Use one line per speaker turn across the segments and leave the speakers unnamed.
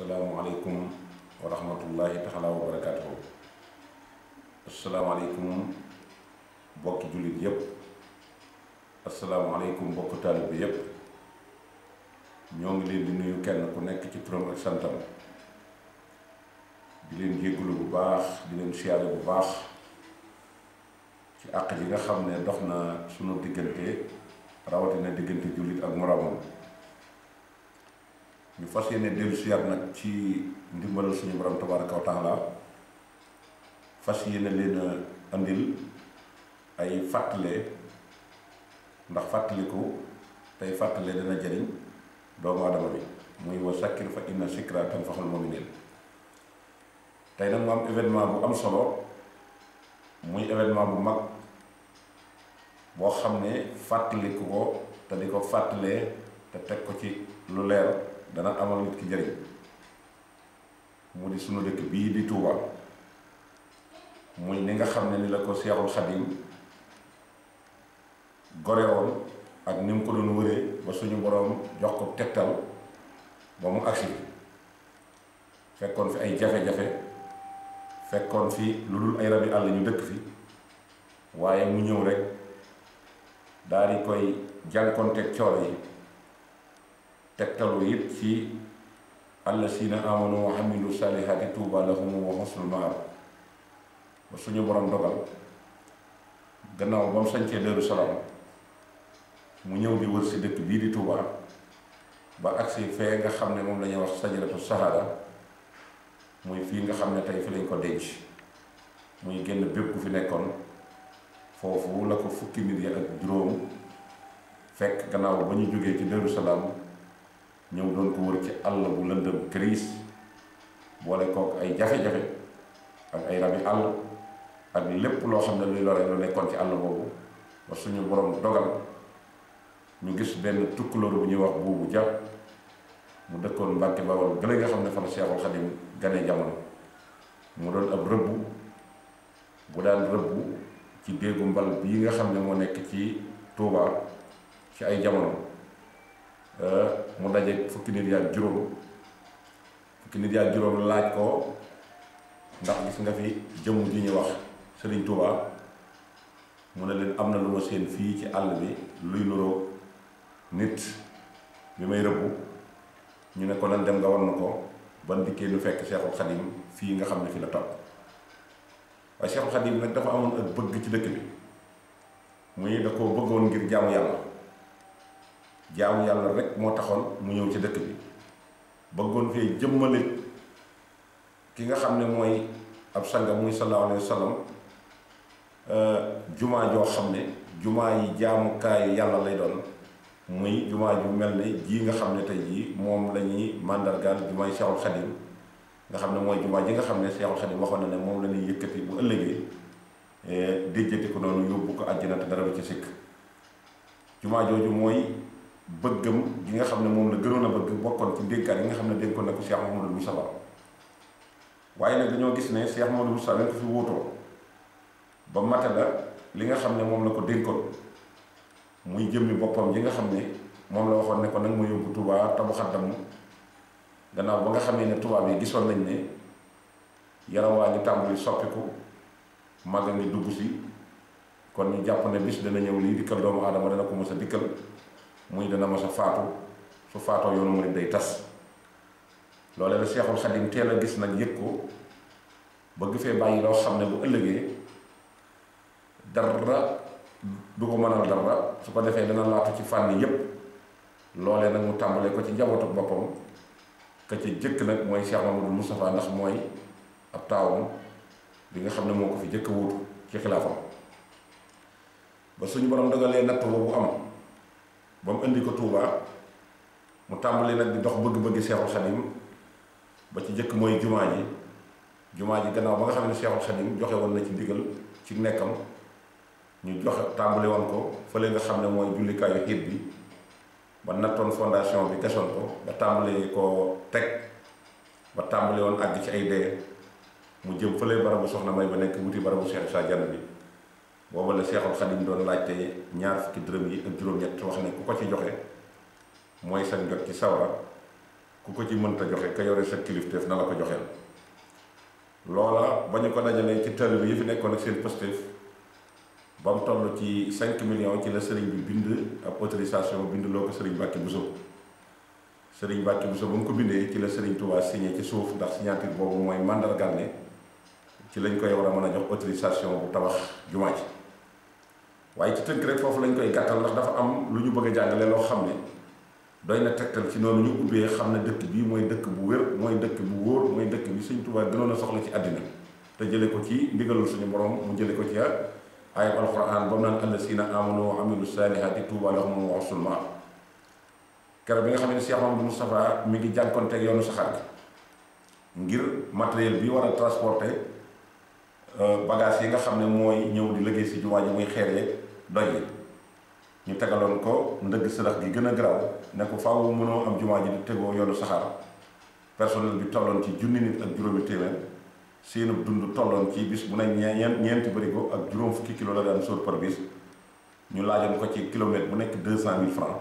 asalaamualeykum wa rahmatullahi taxala wa barakaatuhu asalaamualeykum bokki jullit yépp asalaamualeykum bokk taalib bi yépp ñoo ngi leen di nuyu kenn ku nekk ci turam ak santam di leen jéggulu bu baax di leen siyaare bu baax ci àq yi nga xam ne dox na sunu diggante rawatina diggante jullit ak moroomam ñu fas yéene dellu siyaat nag ci ndimbalal suñu borom tabaaraka wa taala fas yéene leen a andil ay fàttale ndax fàttaliku tey fàttale dana jëriñ doomu aadama bi muy wa sakkir fa inna sikra tanfaxul muminin tey nag mu am événement bu am solo muy événement bu mag boo xam ne fàttaliku ko te di ko fàttalee te teg ko ci lu leer dana amal nit ki njëriñ mu di sunu dëkk bii di Touba mu ni nga xam ne ni la ko Seexul Xadim gore ak ni mu ko doon wëree ba suñu boroom jox ko tegtal ba mu agsi fekkoon fi ay jafe-jafe fekkoon fi lu dul ay rabi àll ñu dëkk fi waaye mu ñëw rek daal di koy jànkonteeg cooro yi tegtalu yëpp ci allasiina amanu wa amilu saalihaati tuuba lahum wa husnul maab ba suñu borom dogal gannaaw ba mu sañcee Daaru mu ñëw di wër si dëkk bii di tuuba ba agsi fee nga xam ne moom la ñuy wax sajaratu sahaada muy fii nga xam ne tey fi lañ ko denc muy génn bépp ku fi nekkoon foofu la ko fukki nit yi ak juróom fekk gannaaw ba ñu jógee ci Daaru ñëw doon ko wër ci àll bu lëndëm këriis boole kook ay jafe-jafe ak ay rabi àll ak lépp loo xam ne luy lore lu nekkoon ci àll boobu ba suñu borom dogal ñu gis benn tukkulóor bu ñuy wax buubu jàpp mu dëkkoon Mbàkke Bawol gën a nga xam ne fan Seexul Xadim gane jamono mu doon ab rëbb bu daan rëbb ci déegu mbal bii nga xam ne moo nekk ci Tuubaa ci ay jamono euh, mu daje fukki nit yaak juróom fukki nit yaak juróom laaj ko ndax gis nga fi jëmm ji ñu wax Sëriñ Tuubaa mu ne leen am na lu seen fii ci àll bi luy nuroo nit bi may rëbbu ñu ne ko nan dem nga war na ko ban dikkee nu fekk Seexul Xadim fii nga xam ne fi la topp waaye Seexul Xadim nag dafa amoon ak bëgg ci dëkk bi muy da koo bëggoon ngir jaamu yàlla jaamu yàlla rek moo taxoon mu ñëw ci dëkk bi bëggoon fee jëmmale ki nga xam ne mooy ab sanga muy sallallahu alayhi wa sallam euh, jumaa joo xam ne jumaa yi jaamukaayu yàlla lay doon muy jumaa ju mel ne jii nga xam ne tey jii moom la ñuy màndargaal jumaa yi Seexul xam ne mooy jumaa ji nga xam ne Seexul Xadim waxoon na ne moom la ñuy yëkkati bu ëllëgee eh, déjjati ko noonu yóbbu ko àjjana te dara ci sikk jumaa jooju mooy bëggam gi nga xam ne moom la gënoon a bëgg bokkoon ci dénkaan yi nga xam ne dénkoon na ko Cheikh Mamadou Moussa waaye nag dañoo gis ne Cheikh Mamadou Moussa lañ ko fi wóotoo ba mate li nga xam ne moom la ko dénkoon muy jëmmi boppam yi nga xam ne moom la waxoon ne ko nag ma yóbbu Touba tabu xaddam gannaaw ba nga xamee ne tubaab yi gisoon nañ ne yaram waa ngi tàmbali soppiku màgg ngi dugg si kon ñu jàpp ne bis dana ñëw lii dikkal doomu aadama dana ko mos a dikkal muy dana mas a faatu su faatoo yoonu murid day tas loole la Seexul Xadim teel a gis nag yëg ko bëgg fee bàyyi loo xam ne bu ëllëgee dara du ko mënal dara su ko defee dana laatu ci fànn yépp loolee nag mu tàmbalee ko ci njabootu boppam ka ca jëkk nag mooy Cheikh Mamadou Moustapha ndax mooy ab taawam bi nga xam ne moo ko fi jëkk wuutu ci xilaafam ba suñu borom dogalee natt bu am ba mu indi ko Touba mu tàmbali nag di dox bëgg-bëgg Seexul Xadim ba ci jëkk mooy jumaa ji jumaa ji gannaaw ba nga xam ne Seexul Xadim joxe woon na ci ndigal ci nekkam ñu jox tàmbali woon ko fële nga xam ne mooy jullikaayu xiit bi ba nattoon fondation bi gasoon ko ba tàmbali ko teg ba tàmbali woon àgg ci ay dee mu jëm fële barabu soxna may ba nekk wuti barabu Seex Saa Jaan bi booba la Seexul Xadim doon laajte ñaar fukki dërëm yi ak juróom-ñett wax ne ku ko ci joxe mooy sa njot ci sawra ku ko ci mënta joxe ka yore sa kilifteef na la ko joxeel loola ba ñu ko dajalee ci taalibe yi fi nekkoon ak seen postéef ba mu toll ci 5 millions ci la sëriñ bi bind ab autorisation bind loo ko sëriñ Mbàkke Buso sëriñ Mbàkke Buso ba ko bindee ci la sëriñ Tuubaa signé ci suuf ndax signature boobu mooy mandargal ne ci lañ koy war a mën bu tabax waaye ci tënk rek foofu lañ koy gàttal ndax dafa am lu ñu bëgg a jàngale loo xam ne doy na tegtal ci noonu ñu ubbee xam ne dëkk bii mooy dëkk bu wér mooy dëkk bu wóor mooy dëkk bi Sëñ Tuubaa gënoon a soxla ci àddina te jële ko ci ndigalul suñu borom mu jële ko ci ayat alquran ba mu naan allasiina aamanu wa amilu saalihaati tuubaa lahum wa husnu maab keroog bi nga xam ne Cheikh Mamadou Moustapha mi ngi jànkonteeg yoonu saxaar ngir matériel bi war a transporter Euh, bagage yi nga xam ne mooy ñëw di liggéey si jumaa ji muy xeer yeeg doy yi ñu tegaloon ko ndëgg sërax gi gën a garaaw ne ko faaw mënoo am jumaa ji di tegoo yoonu saxaar personnel bi tolloon ci junni nit ak juróomi téeméer seenu dund tolloon ci bis bu ne ñeent ñeenti bërigo fukki kilo la daan sóor par bis ñu laajoon ko ci kilomètre bu nekk deux cent mille francs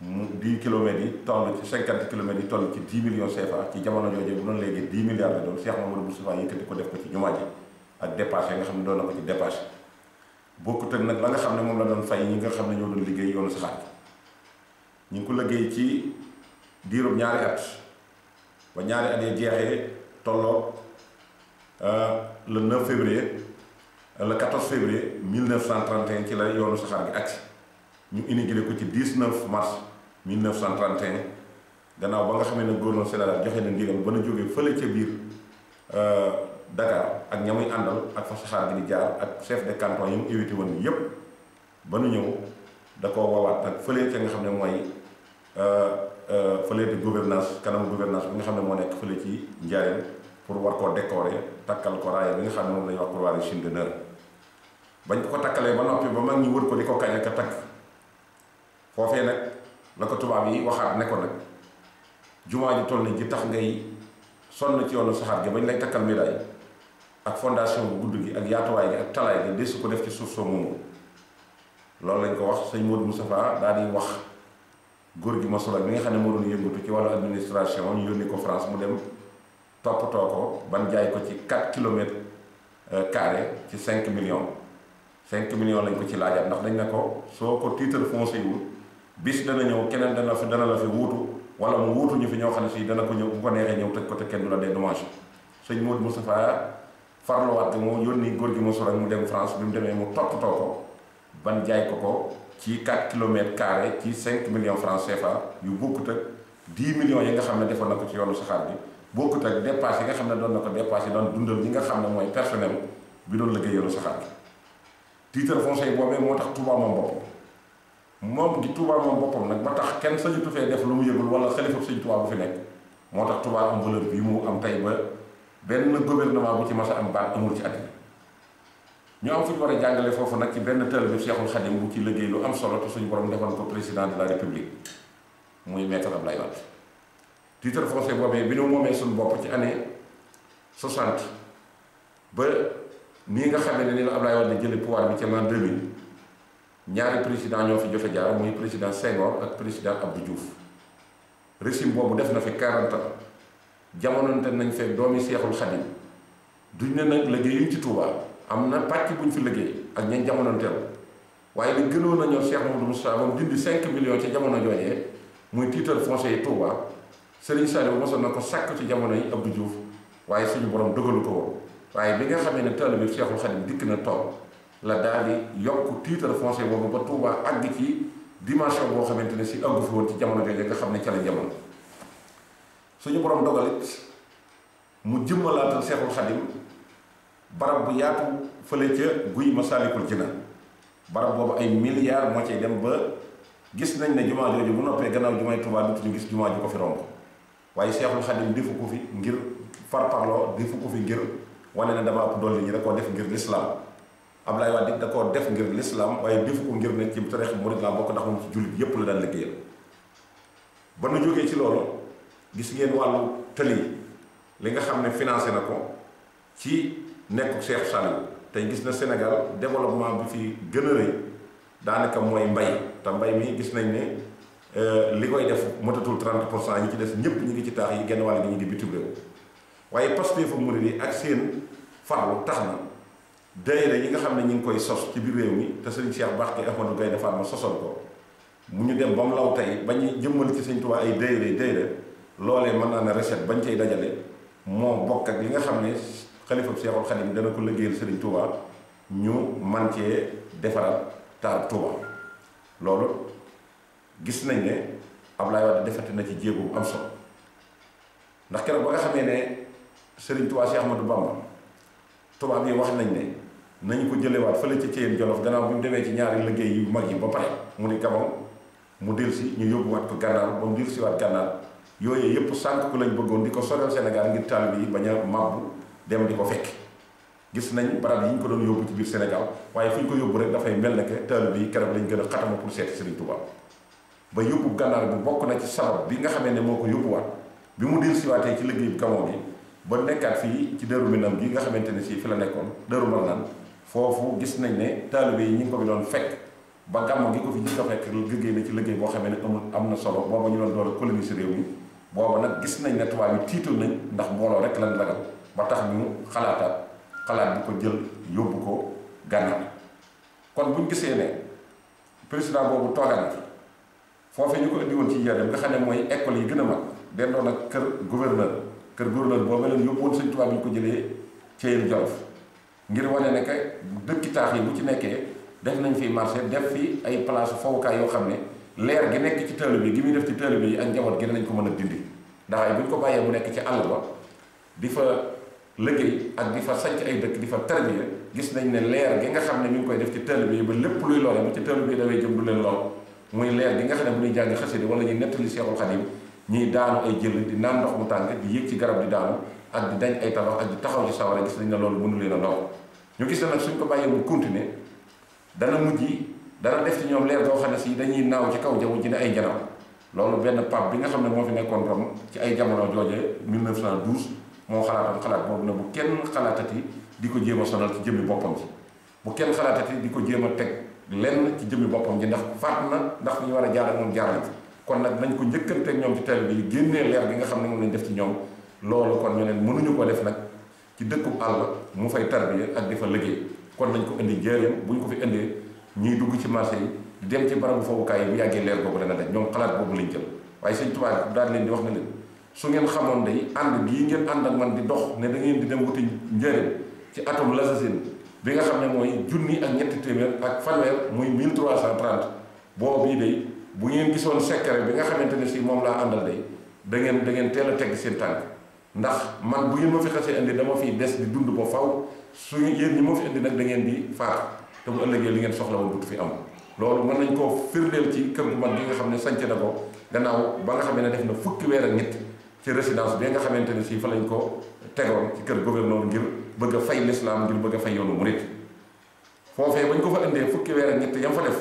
mu dix kilomètres yi toll ci cinquante kilomètres yi toll ci dix millions CFA ci jamono jooju bu doon léegi dix milliards la doon Cheikh Mamadou yëkkati ko def ko ci jumaa ji ak dépasse nga xam ne doon na ko ci dépasse bokkut ak nag la nga xam ne moom la doon fay ñi nga xam ne ñoo doon liggéey yoonu saxaar ñu ngi ko liggéey ci diirub ñaari at ba ñaari at yi jeexee tolloog euh, le 9 février le 14 février 1931 ci la yoonu saxaar gi agsi ñu inauguré ko ci 19 mars 1931 gannaaw ba nga xamee ne gouverneur Sénégal joxe na ndigal ba na jógee fële ca biir. Euh, Dakar ak ñamuy àndal ak fa saxaar gi di jaar ak chef de canton yi mu évité woon yëpp ba nu ñëw da ko wawaat nag fële ca nga xam ne mooy euh, euh, fële di gouvernance kanamu gouvernance bi nga xam ne moo nekk fële ci Njaaréem pour war koo décorer takkal ko raaya bi nga xam ne moom la ñu wax croix de Chine d'honneur bañ ko takkalee ba noppi ba mag ñi wër ko di ko kañ ak a takk foofee nag la ko tubaab yi waxaat ne ko nag jumaa ji toll ni ji tax ngay sonn ci yoonu saxaar bañ lay takkal ak fondation bu gudd gi ak yaatuwaay gi ak talaay gi desu ko def ci suuf soo moomu loolu lañ ko wax sëñ Modou Moustapha daal di wax góor gi ma Masula bi nga xam ne moo doon yëngatu ci wàllu administration ñu yónni ko France mu dem toppatoo ko ban jaay ko ci 4 kilomètres euh, carré ci cinq million 5 millions lañ ko ci laajaat ndax dañ ne ko soo ko titre foncier wul bis dana ñëw keneen dana fi dana la fi wuutu wala mu wuutu ñu fi ñoo xam ne si dana ko ñëw bu ko neexee ñëw tëj te kenn du la dédommage sëñ farluwaat moo yónni góor gi mu solo mu dem France bi mu demee mu toppatoo ko ban jaay ko ko ci 4 kilomètres carré ci 5 millions francs CFA yu bokkut ak 10 millions yi nga xam ne defoon na ko ci yoonu saxaar bi bokkut ak dépasse yi nga xam ne doon na ko dépasse yi doon dundal ñi nga xam ne mooy personnel bi doon liggéey yoonu saxaar bi. titre foncier boobee moo tax Touba moom boppam moom gi Touba moom boppam nag ba tax kenn sañu tu fee def lu mu yëgul wala xalifa Sëñ Touba bu fi bi mu am tey benn gouvernement bu ci ma a am baat amul ci àddina ñu am fu war a jàngale foofu nag ci benn taalibe Seexul Xadim mu ci liggéey lu am solo te suñu borom defoon ko président de la république muy maître Abdoulaye Wade titre foncier boobee bi ñu suñu bopp ci année 60 ba nii nga xamee ni la Abdoulaye Wade jële pouvoir bi ci l'an 2000 ñaari président ñoo fi jofe jaar muy président Senghor ak président Abdou Diouf régime boobu def na fi 40 jamononte nañ fekk doomi seexul xadim duñ ne nag liggéeyuñ ci Touba am na pàcc buñ fi liggéey ak ñañ jamononteel waaye li gënoon na ñor du mu Moustapha moom dindi 5 millions ci jamono joojee muy titre foncier yi Touba Serigne Saliou mosoon na ko sàkk ci jamono yi Abdou Diouf waaye suñu borom dogalu ko waaye bi nga xamee ne taalibe bi Cheikhul Khadim dikk na toog la daal di yokk titre foncier boobu ba Touba àgg ci dimension boo xamante ne si àggu fi woon ci jamono jooje nga xam ca la suñu borom dogalit mu jëmmalaatal Seexul Xadim barab bu yaatu fële ca guy Masaalikul Jinaan barab boobu ay milliards moo cay dem ba gis nañ ne jumaa jooju bu noppee gannaaw jumaay Tuubaa ñu gis jumaa ji ko fi romb waaye Seexul Xadim defu ko fi ngir farparloo defu ko fi ngir wane ne dama ëpp dolli ñi da koo def ngir lislaam Ablaye Wade da koo def ngir lislaam waaye di ko ngir ne ci tariix murid laa bokk ndax ci jullit yépp la daan liggéeyal ba nu ci loolu gis ngeen wàllu tëli li nga xam ne financé na ko ci nekk Cheikh Saliou tey gis na Sénégal développement bi fi gën a rëy daanaka mooy mbay te mbay mi gis nañ ne euh, li koy def motatul 30 pour cent ñi ci des ñëpp ñu ngi ci taax yi genn wàll gi ñu di bitim réew waaye Pastef murid yi ak seen farlu tax na daayira yi nga xam ne ñu ngi koy sos ci biir réew mi te Serigne Cheikh Bakhy Ahmadou Gaynde Fatma sosal ko mu ñu dem ba mu law tey ba ñu jëmmal ci Serigne Touba ay daayira daayira loole mën naa ne recette bañ cay dajale moo bokk ak li nga xam ne xalifab Seexul Xadim dana ko liggéeyal Sëriñ Touba ñu man cee defaraat taal Touba loolu gis nañ ne Ablaye Wade defet na ci jéego am solo ndax keroog ba nga xamee ne Sëriñ Touba Cheikh Ahmadou Bamba tubaab yi wax nañ ne nañu ko jëlewaat fële ca Thièyène Jolof gannaaw bi mu demee ci ñaari liggéey yu mag yi ba pare mu ni Gabon mu dellusi ñu yóbbuwaat ko gànnaar ba mu dellusiwaat gànnaar yooyu yëpp sànq ku lañ bëggoon di ko soreel Sénégal ngir taalibe yi bañ a màbbu dem di ko fekk gis nañ barab yi ñu ko doon yóbbu ci biir Sénégal waaye fu ñu ko yóbbu rek dafay mel ne ke taalibe yi keroog lañ gën a xatama pour seeti Serigne Touba ba yóbbu gànnaar bi bokk na ci bi nga xamee ne moo ko yóbbuwaat bi mu dir siwaatee ci liggéey gamoo bi ba nekkaat fii ci dëru minam gi nga xamante ne si fi la nekkoon dëru mal na foofu gis nañ ne taalibe yi ñu ngi ko fi doon fekk ba gàmmo gi ko fi jëkk a fekk liggéey na ci liggéey boo xamee ne amul am na solo booba ñu doon doon coloniser réew mi booba nag gis nañ ne tubaab yi tiital nañ ndax mbooloo rek lan ragal ba tax ñu xalaataat xalaat bi ko jël yóbbu ko gànnaar kon buñ gisee ne président boobu toogaan fi foofee ñu ko indi woon ci Njaaréem nga xam ne mooy école yi gën a mag dendoon ak kër gouverneur kër gouverneur boo ma yóbbu woon sëñ tubaab bi ñu ko jëlee Thiel Jolof ngir wane ne que dëkki taax yi bu ci nekkee def nañ fi marché def fi ay place fowukaay yoo xam ne leer gi nekk ci taalibe bi gi muy def ci taalibe yi ak njaboot gi dinañ ko mën a dindi ndax ay bu ñu ko bàyyee mu nekk ci àll ba di fa liggéey ak di fa sanc ay dëkk di fa tarbiya gis nañ ne leer gi nga xam ne mi ngi koy def ci taalibe yi ba lépp luy loolee bu ci taalibe yi dawee jëm du leen lool muy leer gi nga xam ne bu ñuy jàng xasida wala ñuy nettali Seexul Xadim ñuy daanu ay jël di naan ndox mu tàng di yéeg ci garab di daanu ak di dañ ay tabax ak di taxaw ci sawara gis nañ ne loolu mënu leen a lool ñu dana def ci ñoom leer boo xam ne si dañuy naaw ci kaw jaww ji ne ay janaw loolu benn pape bi nga xam ne moo fi nekkoon Rome ci ay jamono jooje 1912 moo xalaatoon xalaat boobu ne bu kenn xalaatati di ko jéema a sonal ci jëmmi boppam ji bu kenn xalaatati di ko jéem a teg lenn ci boppam ji ndax faat na ndax fi ñu war a jaar ak moom jaar na kon nag nañ ko teg ñoom ci teel bi génnee leer bi nga xam ne moom lañ def ci ñoom loolu kon ñu ne mënuñu ko def nag ci dëkkub àll mu fay tarbiya ak di fa liggéey kon nañ ko indi njëriñ bu ñu ko fi indee ñuy dugg ci marché yi di dem ci barabu fowukaay yi bu yàggee leer boobu dana daj ñoom xalaat boobu lañ jël waaye sëñ Tuubaa daal leen di wax na leen su ngeen xamoon day ànd bii ngeen ànd ak man di dox ne da ngeen di dem wuti njëriñ ci la atum lasasine bi nga xam ne mooy junni ak ñetti téeméer ak fanweer muy 1330 boobu yi day bu ngeen gisoon secret bi nga xamante ne si moom laa àndal day da ngeen da ngeen teel a teg seen tànk ndax man bu ngeen ma fi xasee dama fiy des di dund ba faw su ñi ma fi indi nag da ngeen di faat te bu ëllëgee li ngeen soxla woon du fi am loolu mën nañ koo firndeel ci kër gu mag gi nga xam ne sanc na ko gannaaw ba nga xamee ne def na fukki weer ak ñett ci résidence bi nga xamante ne si fa lañ ko tegoon ci kër gouverneur ngir bëgg a fay lislaam ngir bëgg a fay yoonu murit foofee bañ ko fa indee fukki weer ak ñett yam fa def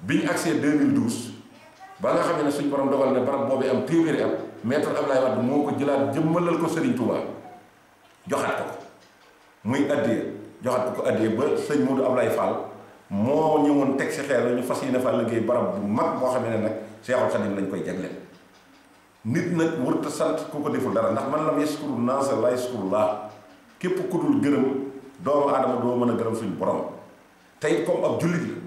bi ñu agsee 2012 ba nga xamee ne suñ borom dogal ne barab boobu am téeméeri am maître Abdoulaye Wade moo ko jëlaat jëmmalal ko Serigne Touba joxaat ko muy addiya joxaat ko addee ba sëñ mu du am Ablaye Fall moo ñëwoon teg si xeer ñu fas yéene faa liggéey barab bu mag boo xam ne nag Seexul Xadim lañ koy jagleel nit nag warut sant ku ko deful dara ndax man lam yaskuru naasa laa yaskuru laa képp ku dul gërëm doomu aadama doo mën a gërëm suñu borom tey comme ab jullit la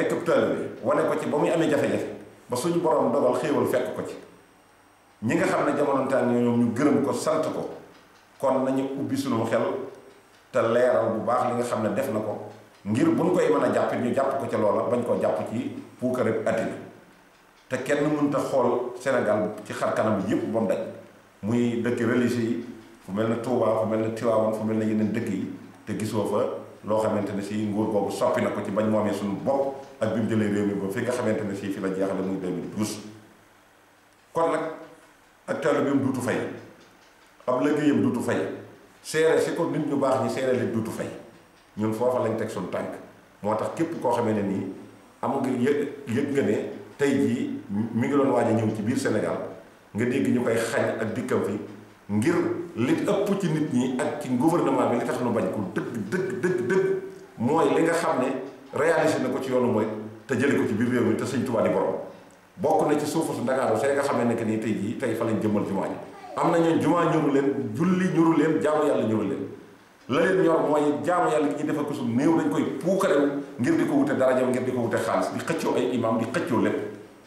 nekk taalibe bi wane ko ci ba muy amee jafe-jafe ba suñu borom dogal xéewal fekk ko ci ñi nga xam ne jamonontaan ñoom ñu gërëm ko sant ko kon nañu ubbi suñu xel. te leeral bu baax li nga xam ne def na ko ngir buñ koy mën a jàpp ñu jàpp ko ca loola bañ koo jàpp ci puukareb àddina te kenn mënta xool Sénégal ci xar kanam yëpp ba mu daj muy dëkk religieux yi fu mel ne Touba fu mel ne Tivaouane fu mel na yeneen dëkk yi te gisoo fa loo xamante ne si nguur boobu soppi na ko ci bañ moomee suñu bopp ak bi mu jëlee réew mi ba fi nga xamante ne si fi la jeexale muy 2012 kon nag ak teelu bi mu duutu fay ab seere si ko nit ñu baax ñi seere leen duutu fay ñun foofa lañ teg suñu tànk moo tax képp koo xamee nii am nga yëg nga ne tey jii mu ngi doon waaj a ñëw ci biir Sénégal nga dégg ñu koy xañ ak dikkam ngir li ëpp ci nit ñi ak ci gouvernement bi li tax nu bañ ko dëgg dëgg dëgg dëgg mooy li nga xam ne réalisé na ko ci yoonu mooy te jëli ko ci biir réew mi te sëñ Tuubaa di borom bokk na ci suufu su Ndakaaru see nga xamee ne que nii tey jii tey fa lañ jëmmal jumaa ji am nañu jumaa ñuru leen julli ñuru leen jaamu yàlla ñuru leen la leen ñor mooy jaamu yàlla gi ñu defal ko su néew dañ koy puukarew ngir di ko wute daraja ngir di ko wute xaalis di xëccoo ay imam di xëccoo lépp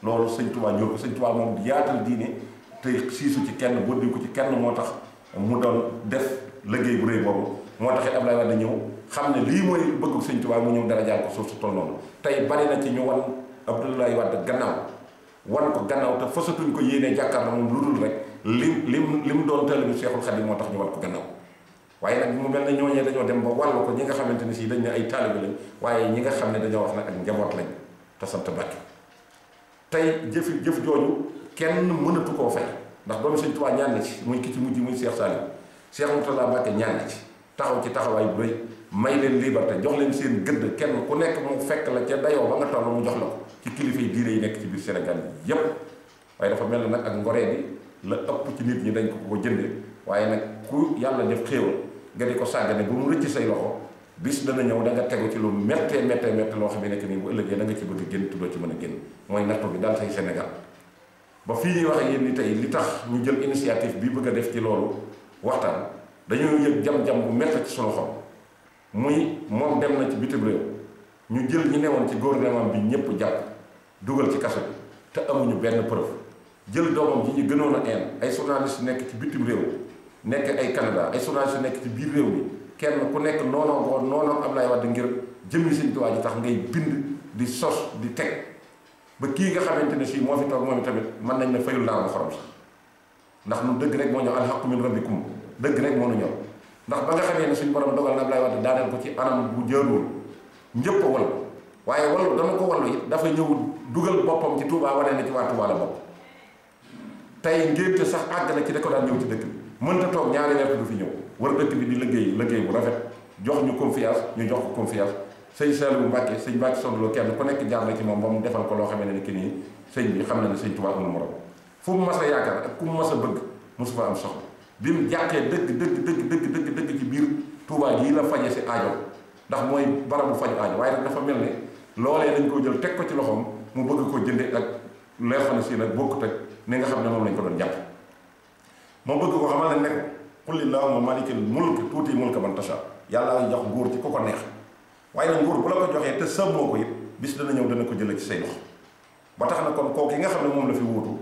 loolu sëñ Tuubaa ñor ko sëñ Tuubaa moom yaatal diine te siisu ci kenn boddi ko ci kenn moo tax mu doon def liggéey bu rëy boobu moo tax taxit Abdoulaye na ñëw xam ne lii mooy bëggu sëñ Tuubaa mu ñëw darajaal ko suuf su toll noonu tey bari na ci ñu wan Abdoulaye Wade gannaaw wan ko gannaaw te fasatuñ ko yéenee jàkkaarloo moom lu dul rek li lim li mu doon taalibu Seexul Xadiim moo tax ñu wan ko gannaaw waaye nag mu mel ne ñooñee dañoo dem ba wàllu ko ñi nga xamante ne si dañ ne ay taalibe lañ waaye ñi nga xam ne dañoo wax nag ak njaboot lañ te sant Mbàkke tey jëf jëf jooju kenn mënatu koo fay ndax doomu Sëñ Tuubaa ñaan ci muy ki ci mujj muy Seex Saalim Seex Murtada Mbàkke ñaan na ci taxaw ci taxawaay bu rëy may leen liberté jox leen seen gëdd kenn ku nekk mu fekk la ca dayoo ba nga toll mu jox la ci kilifay diire yi nekk ci biir Sénégal bi yépp waaye dafa mel na nag ak ngoree la ëpp ci nit ñi dañ ko ko jënde waaye nag ku yàlla def xéewal nga di ko sàggane ba mu rëcc say loxo bis dana ñëw da nga tegu ci lu méttee méttee méttee loo xam ne nekk nii bu ëllëgee da nga ci yi génn tuddoo ci mën a génn mooy nattu bi daal say Sénégal ba fii ñuy wax ni tey li tax ñu jël initiative bi bëgg a def ci loolu waxtaan dañoo yëg jam-jam bu métti ci muy moom dem na ci bitim ñu jël ñi newoon ci gouvernement bi ñëpp jàpp dugal ci kaso bi te amuñu benn preuve jël doomam ji ñu gënoon a ay journaliste nekk ci bitim réew nekk ay Canada ay journaliste nekk ci biir réew mi kenn ku nekk noonoo ko noonoo Ablaye Wade ngir jëmmi Sëñ Tuubaa ji tax ngay bind di sos di teg ba kii nga xamante ni si moo fi toog moom tamit mën nañ ne fayul laal ma xorom sax ndax ñun dëgg rek moo ñëw alxaqu min rabbikum dëgg rek moo ñu ndax ba nga xamee ne suñu borom dogal na Ablaye Wade daaneel ko ci anam bu jaaduwul ñëpp a waaye wallu dama ko wallu dugal boppam ci Touba wane na ci waa Touba la bopp tey ngénte sax àgg na ci da ko daan ñëw ci dëkk bi mënta toog ñaari weer du fi ñëw war dëkk bi di liggéey liggéey bu rafet jox ñu confiance ñu jox ko confiance sëñ bu Mbacke sëñ Mbacke Sondlo kenn ku nekk jaar na ci moom ba mu defal ko loo xamee ne ki nii sëñ bi xam na ne sëñ Touba amul morom fu mu mas a yaakaar ak ku mu mas a bëgg mosu fa am soxla bi mu jàkkee dëgg dëgg dëgg dëgg dëgg ci biir Touba gii la faje si aajo ndax mooy barabu faju aajo waaye nag dafa mel ne loolee dañ koo jël teg ko ci loxoom mu bëgg ko jëndee ak lay xam ne si nag bokkut ak ni nga xam ne moom lañ ko doon jàpp moom bëgg ko xamal ne nekk qulillahumma malikal mulk tuuti mulka man tasha yàlla jox nguur ci ku ko neex waaye nag nguur la ko joxee te sàmmoo ko it bis dana ñëw dana ko jëlee ci say loxo tax na kon kooku yi nga xam ne moom la fi wuutu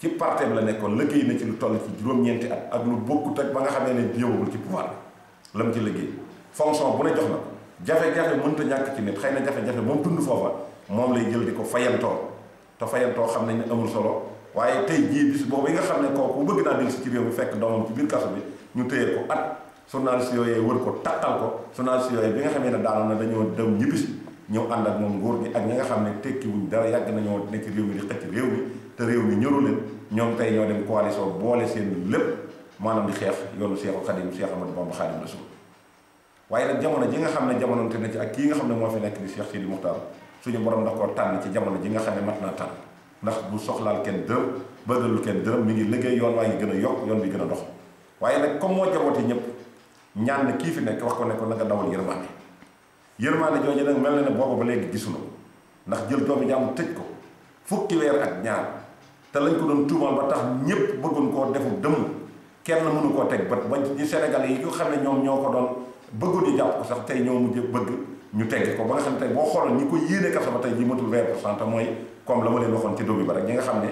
ci parteem la nekkoon liggéey na ci ci juróom-ñeenti at ak lu bokkut ak ba nga xamee ne jéewagul ci pouvoir la mu ci liggéey fonction bu ne jox na jafe-jafe mënut a ñàkk ci nit xëy na jafe-jafe moom dund foofa moom lay jël di ko fayantoo te fayantoo xam nañ ne amul solo waaye tey jii bis boobu yi nga xam ne kooku bëgg naa dellu si ci réew mi fekk doomam ci biir kaso bi ñu téye ko at journaliste yooyu wër ko takkal ko journaliste yooyu bi nga xamee ne daanoon na dañoo dem ñibbis ñëw ànd ak moom nguur gi ak ñi nga xam ne tekki wuñ dara yàgg nañoo nekk réew mi di xëcc réew mi te réew mi ñëru leen ñoom tey ñoo dem coalition boole seen lépp maanaam di xeex yoonu Seexu Xadim Seex Ahmadu Bamba Xaadimu Rasuul waaye nag jamono ji nga xam ne jamononte na ci ak kii nga xam ne moo fi nekk di Cheikh Sidi Moukhtar suñu borom daf koo tànn ci jamono ji nga xam ne mat naa tànn ndax bu soxlaal kenn dërëm bëdalul kenn dërëm mi ngi liggéey yoon waa ngi gën a yokk yoon bi gën a dox waaye nag comme moo jabooti ñëpp ñaan na kii fi nekk wax ko ne ko la nga dawal yërmaande yërmaande jooju nag mel na ne boobu ba léegi gisuna ndax jël doomi jàmm tëj ko fukki weer ak ñaar lañ ko doon tuumaal ba tax ñëpp bëggoon koo defu dëmm kenn mënu koo teg bët ba ñu Sénégal yi ko xam ne ñoom ñoo ko doon bëggoon ñu jàpp ko sax tey ñoo mujj bëgg ñu tegg ko ba nga xam ne tey boo xool ñi ko yéene kaso ba tey ji matul 20 pour cent te mooy comme la ma leen waxoon ci dóobi ba rek ñi nga xam ne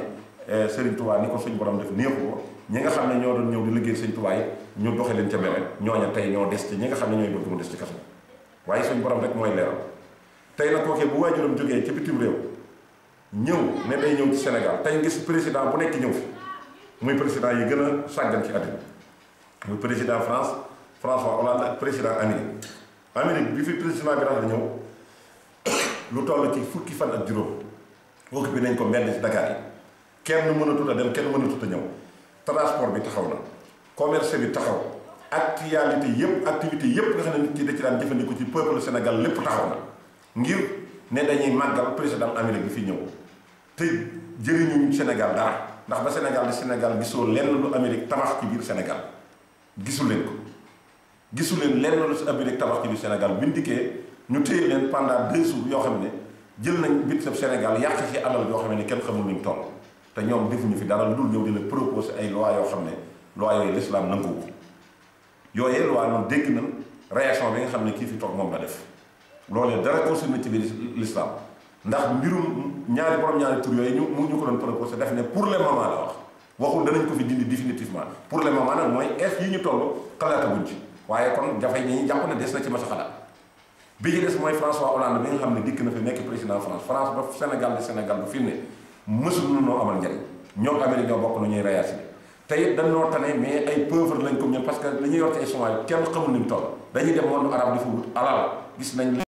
eh, Serigne Touba ni ko suñ borom def néexu ko ñi nga xam ne ñoo doon ñëw di ñu doxe leen ca beneen ñooña tey ñoo des ci ñi nga xam ne ñooy bëgg mu des ci kaso waaye suñ borom rek mooy leeral tey nag kookee bu waajuram jógee ci bitim réew ñëw ne day ñëw ci Sénégal tey gis président bu nekk ñëw fi muy président yi gën a sàggan ci àddina muy président France François Hollande ak président Amérique Amérique bi fi président bi daal di ñëw lu toll ci fukki fan ak juróom occupé nañ ko mbedd ci Dakar yi kenn mënatut a dem kenn mënatut a ñëw transport bi taxaw na commerce bi taxaw actualité yëpp activité yëpp nga xam ne nit ki da ci daan jëfandikoo ci peuple Sénégal lépp taxaw na ngir ne dañuy màggal président Amérique bi fi ñëw te jëriñu Sénégal dara ndax ba Sénégal di Sénégal gisoo lenn lu Amérique tabax ci biir Sénégal gisul leen ko. gisu leen lenn lu si ab bitig tabaski bi Sénégal bi ñu dikkee ñu téye leen pendant deux yoo xam ne jël nañ bitig Sénégal yàq ci alal yoo xam ne kenn xamul luñ toll te ñoom ñu fi dara lu dul ñëw di la proposer yoo xam ne loi yooyu l'islam nangu ko yooyee loi noonu dégg nañ réaction bi nga xam ne kii fi toog moom la def loolee dara ko na ci biir l'islam ndax mbirum ñaari borom ñaari tur yooyu ñu mu ñu ko doon proposé def ne pour le moment la wax waxul danañ ko fi dindi définitivement pour le moment nag mooy est yi ñu toll xalaataguñ ci waaye kon jafe ñi jàpp na des na ci ma sa xalaat bi ñu des mooy François Hollande bi nga xam ne dikk na fi nekk président France France ba Sénégal di Sénégal ba fi ne mësul noo amal njariñ ñoom Amérique bokk na ñuy rayaas bi te it dañ noo tane mais ay pauvre lañ comme ñun parce que li ñuy yor ci ay chômage kenn xamul ni mu toll dañuy dem monde arabe di fa wut alal gis nañ